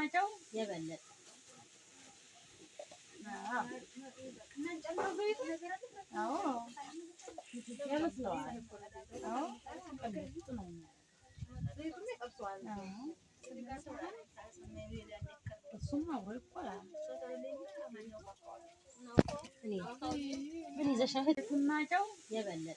ናቸው የበለጠ ናቸው የበለጠ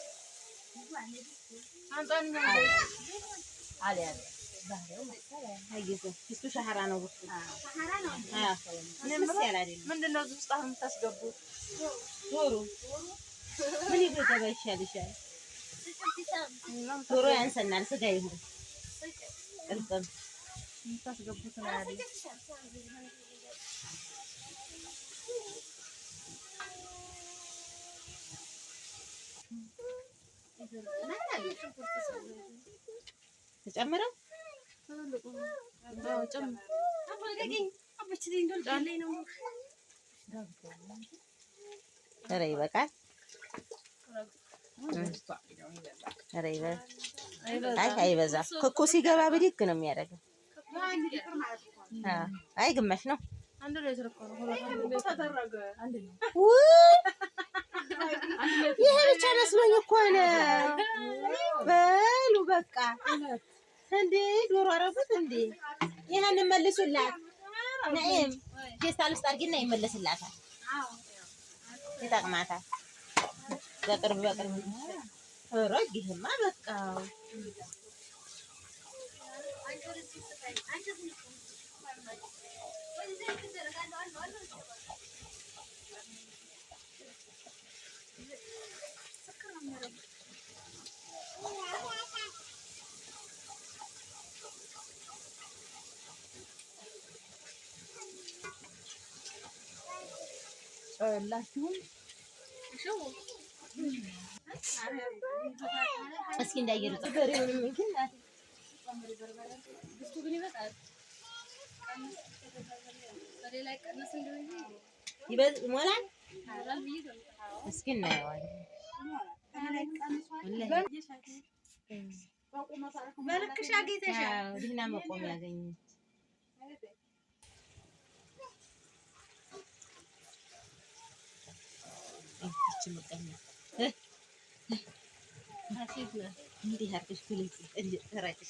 ፊስቱ ሸሀራ ውስጥ አሁን የምታስገቡት? ዶሮ ምን ያንሰናል። ስጋ ይሁን እርጥብ የምታስገቡት ነው ያለኝ ተጨምረው ኧረ ይበቃል። አይ ክኩ እኮ ሲገባ ብድግ ነው የሚያደርገው። አይ ግማሽ ነው። ይሄ ብቻ መስሎኝ እኮ ነው። በሉ በቃ እንዴ ዶሮ አረጉት እንዴ! ይሄን መልሱላት። ነይም ፌስታል ውስጥ አድርጊና ይመለስላታል። ይጠቅማታል። በቅርብ በቅርብ ረግህማ በቃ ጨውላችሁም እስኪ እንዳየሩ ይበል ይሞላል እስኪ እናየዋለን። በልክሽ አግኝተሻል። ደህና መቆም ያገኘን እንዲህ አድርገሽ ትራጭሽ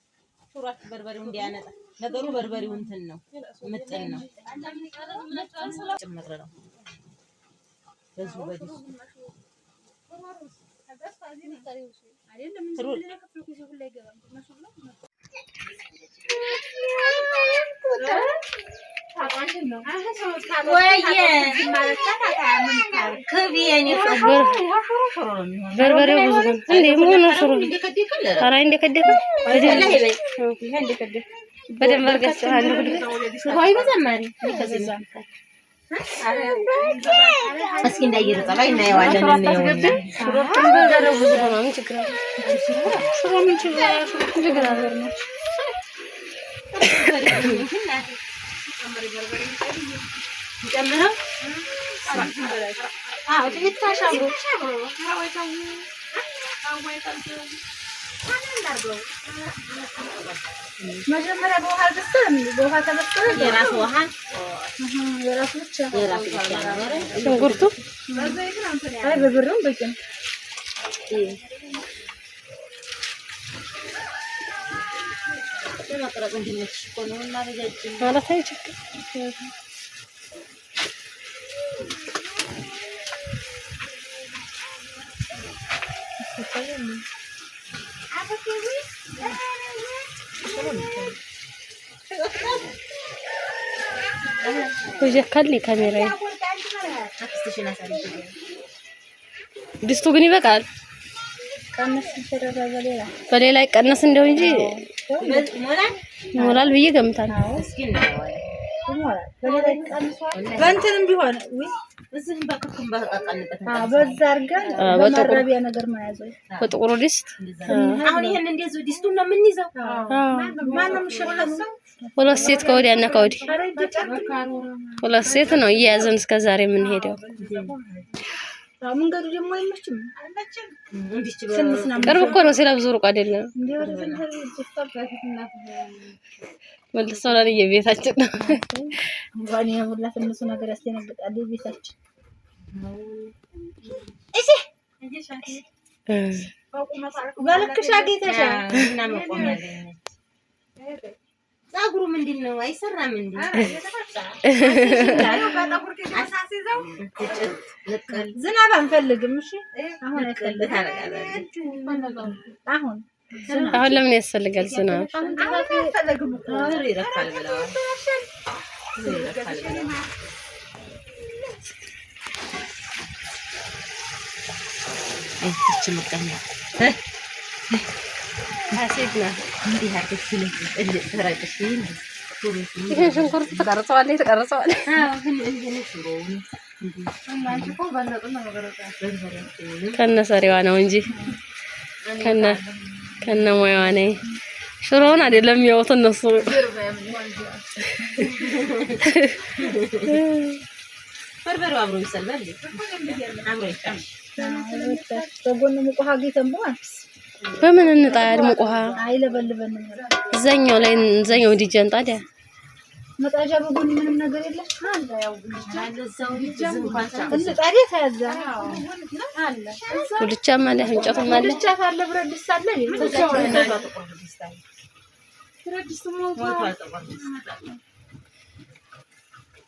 ሹራችሁ በርበሬው እንዲያነጣ ነገሩ በርበሬው እንትን ነው፣ ምጥን ነው፣ ጭምር ነው። በዙ በርበሬው ብዙ እንዴ መሆኑ ሽሮ ኧረ እንደከደፈ በደንብ አድርገሽ አንድ ሁሉ ወይ በዘማሪ እስኪ እንዳየር ጠባይ እናየዋለን። እናየዋለን በርበሬው ብዙ ነው። ምን ችግር አለ? ሽሮ ምን ችግር አለ? ሽሮ ችግር አለ ነው ጨምረው መጀመሪያ በውሃ ገዝተን በውሃ ተበጥረን የራሱ ውሃ የራሱ ብቻ የራሱ ብቻ ሽንኩርቱ አይ በብርም በቂ ነው። በመቅረጽ እንዲመችሽ ነው እና ዘጋጅ ማለት አይችልም። ወጀካል ካሜራ ድስቱ ግን ይበቃል። በሌላ ይቀነስ እንደው እንጂ ይሞላል ብዬ ገምታለሁ። በእንትንም ቢሆን በጥቁሩ አሁን ይሄን ነው የምንይዘው። ሁለት ሴት ከወዲያና ከወዲህ ሁለት ሴት ነው እየያዘን እስከዛሬ የምንሄደው። መንገዱ ደግሞ አይመችም። ቅርብ እኮ ነው፣ ስለብዙ ሩቅ አይደለም። መልሶናል። የቤታችን ነው እንኳን ያሙላ ትንሱ ነገር ያስደነግጣል። የቤታችን እሺ፣ በልክሽ አግኝተሻል ጸጉሩ ምንድን ነው? አይሰራም እንዴ? ዝናብ አንፈልግም። እሺ አሁን አሁን አሁን ለምን ያስፈልጋል ዝናብ? ይቺ ምቀኛ ሴት ናት። እንዲህ አድርገሽ ተረጭሽ። ይሄ ሽንኩርት ተቀርጸዋል፣ ተቀርጸዋል። ከነ ሰሪዋ ነው እንጂ ከነ ሙያዋ ነኝ። ሽሮውን አይደለም የሚያዩት እነሱ። በርበሬው አብሮ ይሰላል። በምን እንጣ ያድሙቅ ውሃ እዛኛው ላይ እዛኛው ዲጃን ታዲያ መጣጃ በጎን ምንም ነገር የለም። ጉልቻም አለ እንጨቱም አለ ብረት ድስት አለ።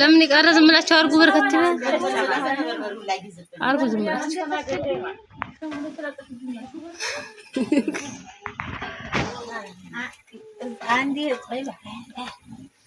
ለምን የቀረ ዝም ብላችሁ አድርጉ። በርከት አድርጉ፣ ዝም ብላችሁ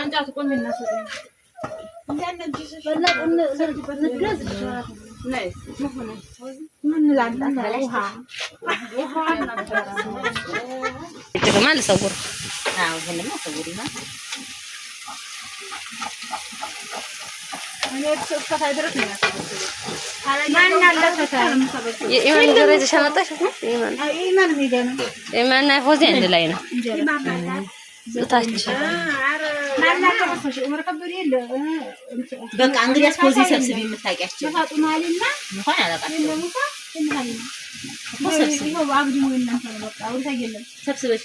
ኢማን ፎዚ ላይ ነው። እታች በቃ እንግዲያስ ከዚህ ሰብስቢ የምታውቂያቸው እንኳን አላውቃቸውም ሰብስበሽ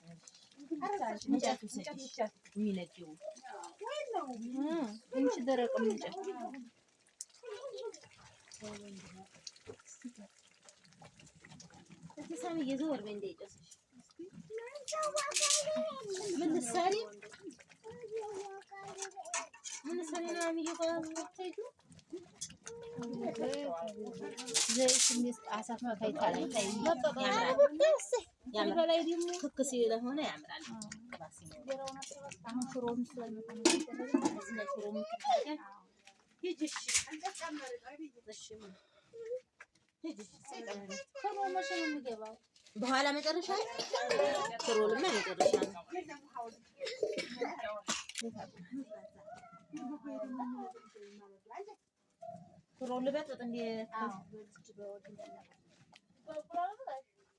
እንጨት የሚነጂው እንቺ ደረቅ እንጨት እስኪ ሳሚ የዘወር በይ እንዳይጨስሽ። ምን ልትሰሪ ምን ልትሰሪ ነው? አሚዬ ዘይት አሳት መካይታ ላይ ታይ ያምራል ክክ ስለሆነ ያምራል። በኋላ መጨረሻ ሽሮልማ መጨረሻ ነው። ሽሮ ልበጥጥ እንደ